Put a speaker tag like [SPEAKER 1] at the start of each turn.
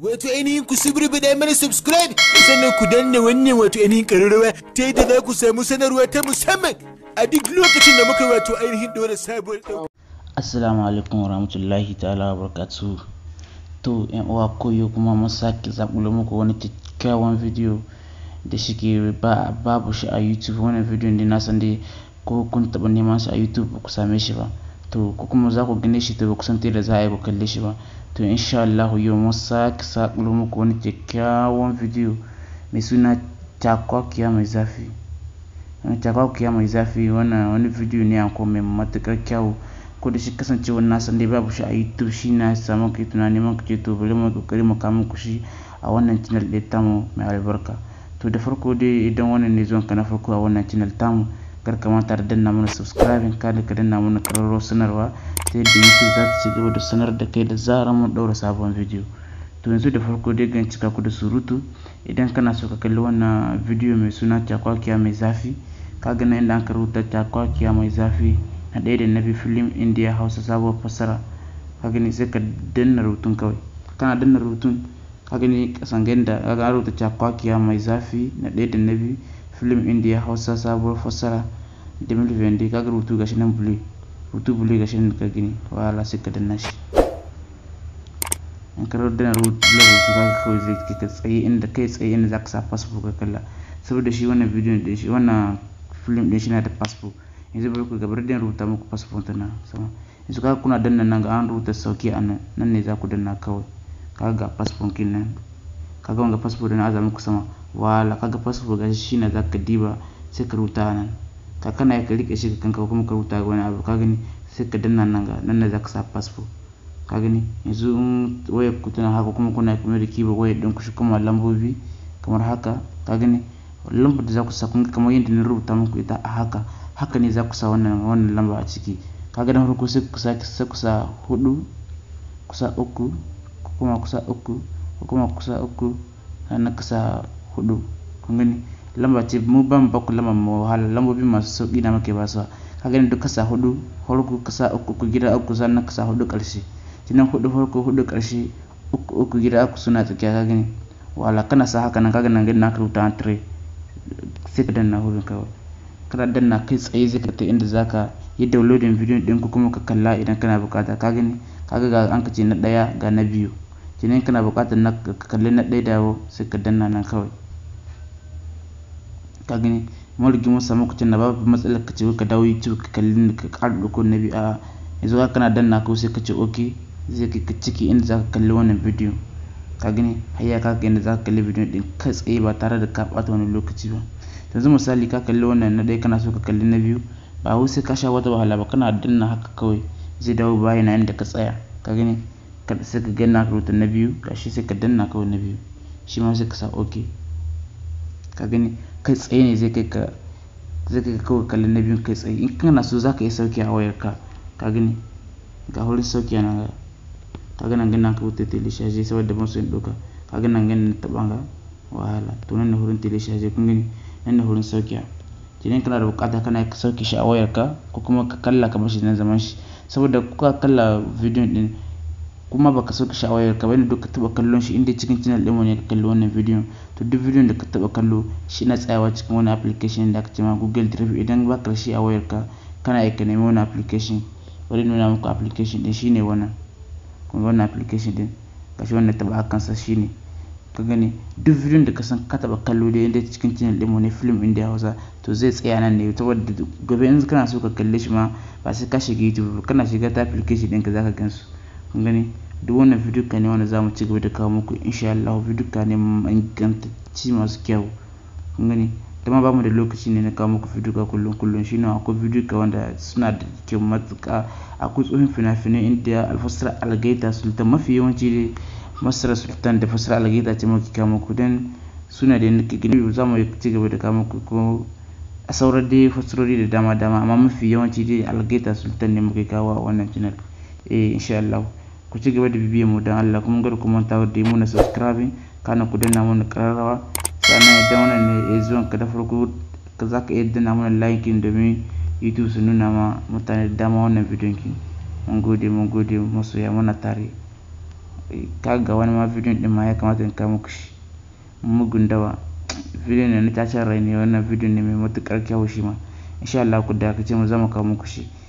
[SPEAKER 1] wato ainihin ku dai mana subscribe sannan ku danna wannan wato ainihin ƙararrawa ta yadda za ku samu sanarwa ta musamman a duk lokacin da muka wato ainihin da wani sabuwar Assalamu alaikum rahmatullahi ta'ala wa barakatu. To yan uwa koyo kuma mun sake zaɓulo muku wani kyakkyawan bidiyo da shike ba babu shi a YouTube wannan video ne na san dai ko kun taɓa neman shi a YouTube ba ku same shi ba. to ku kuma za ku gane shi ta ba kusan da za a yi ku kalle shi ba to insha Allah yau mun sake saƙulo muku wani kyakkyawan video mai suna takwakiya mai zafi takwakiya mai zafi wani bidiyo ne anko mai matuƙar kyawu ko da shi kasancewar nasan dai babu shi a youtube shi na samu kai tunani maka kace to bari mu kokari mu kama ku shi a wannan channel ɗin tamu mai albarka to da farko dai idan wannan ne ka na farko a wannan channel tamu kar ka manta da danna mana subscribing kada ka danna mana kararrawar sanarwa ta yadda youtube za ta ci gaba da sanar da kai da zarar mun ɗaura sabon video to yanzu da farko dai gan cika ku da surutu idan kana so ka kalli wannan video mai suna cakwakiya mai zafi ka gana inda an rubuta cakwakiya mai zafi na ɗaya da na biyu film india hausa sabuwar fassara ka gani sai ka danna rutun kawai kana danna rutun ka gani kasan da ka rubuta cakwakiya mai zafi na ɗaya da na biyu filim indiya hausa sabuwar fassara 2020 kaga rubutu gashi nan blue rubutu blue gashi nan ka wa ala sai ka danna shi in ka rutu rubutu rubutu ga kawai zai ka tsaye inda kai tsaye inda ka sa fasfo ka kalla saboda shi wannan bidiyon din shi wannan filim din shi na da fasfo yanzu bari ku gabar da rubuta muku ta na sama yanzu ka kuna danna nan ga an rubuta sauki a nan nan ne za ku danna kawai kaga ga fasfo kin nan kaga wanga passport na azami ku sama wala kaga passport shi shine zaka diba sai ka rubuta nan ka kana ka rike shi kanka kuma ka rubuta wani abu ka gani sai ka danna nan ga nan ne zaka sa passport ka gani yanzu waya ku tana haka kuma kuna kuma da kiba waya din ku shi kuma lambobi kamar haka ka gani lambar da za ku sa kun kamar yadda na rubuta muku ita a haka haka ne za ku sa wannan wannan lamba a ciki kaga na farko sai ku sa ku sa hudu kusa uku kuma kusa uku kuma kusa uku na kusa hudu kun gani lamba ce mu ba mu baku lamba mu wahala lambobi masu sauki na muke ba su ka gani duk kasa hudu farko kasa uku ku gida uku na kasa hudu karshe sannan hudu farko hudu karshe uku uku gida uku suna tsakiya ka gani wala kana sa haka nan ka gani gani na ka rubuta tire sai ka danna wurin ka kana danna kai tsaye zai ka ta inda zaka yi downloading video din ku kuma ka kalla idan kana bukata ka gani ka ga an ka ce na daya ga na biyu kenan kana bukatar na kalli na ɗaya dawo sai ka danna nan kawai ka gani rigi rigimar samu kucin na babu matsalar ka ce ka dawo youtube ka kalli ka ƙara ɗauko na biyu a yanzu ka kana danna ko sai ka ce ok zai kai ka ciki inda za ka kalli wannan bidiyo ka gani hayya ka ka inda za ka kalli bidiyo ɗin kai tsaye ba tare da ka ɓata wani lokaci ba yanzu misali ka kalli wannan na ɗaya kana so ka kalli na biyu ba wai sai ka sha wata wahala ba kana danna haka kawai zai dawo bayan yayin da ka tsaya ka gani sai ka danna ka rubuta na biyu shi sai ka danna ka na biyu shi ma sai ka sa ok ka gani kai tsaye ne zai kai ka zai kai kawai kalli na biyu kai tsaye in kana so za ka yi sauki a wayar ka ka gani ga wurin sauki yana ga ka gani gani gana ka wuce teleshaje saboda ban so in ɗauka ka gani gani na taɓa ga wahala to nan na wurin teleshaje kun gani nan na wurin sauki idan kana da bukata kana sauki shi a ka ko kuma ka kalla ka mashi na zaman shi saboda kuka kalla bidiyon din kuma baka sauke shi a ka bane duk ka taba kallon shi inda cikin channel din wani ka kalli wannan bidiyon to duk bidiyon da ka taba kallo shi na tsayawa cikin wani application da aka ce ma Google Drive idan baka ka shi a wayar ka kana iya ka nemi wannan application bari nuna muku application din shine wannan kuma wannan application din shi wannan taba sa shine ka gani duk bidiyon da ka san ka taba kallo da inda cikin channel din mu ne film ya hausa to zai tsaya nan ne to gobe in kana so ka kalle shi ma ba sai ka shiga youtube kana shiga ta application din ka zaka gansu kun gani duk wannan bidiyo ne wanda za mu ci gaba da kawo muku insha Allah bidiyo ne ingantacci masu kyau kun gani dama ba mu da lokaci ne na kawo muku bidiyo kullum kullum shine akwai bidiyo wanda suna da kyau matuƙa akwai tsohon fina finai inda alfasar algaita sultan mafi yawanci ne masar sultan da fasar algaita ce muke kawo muku don suna da yanke gini za mu ci gaba da kawo muku ko a sauran dai fasarori da dama dama amma mafi yawanci dai algaita sultan ne muke kawo a wannan channel eh insha Allah ku ci gaba da bibiyar mu don Allah kuma gar ku manta da yi muna subscribe kana ku danna mana kararrawa sannan idan wannan ne ya eh, zuwan ka da farko ka za ka iya danna mana likin domin youtube su nuna ma mutane da dama wannan bidiyon ki mun gode mun gode ya mana tare eh, ka ga wani ma bidiyon din ma ya kamata in kama ku shi mugun dawa bidiyon ne na tashin rai ne wannan bidiyon ne mai matukar kyau shi ma insha Allah ku da dakace mu zama kawo muku shi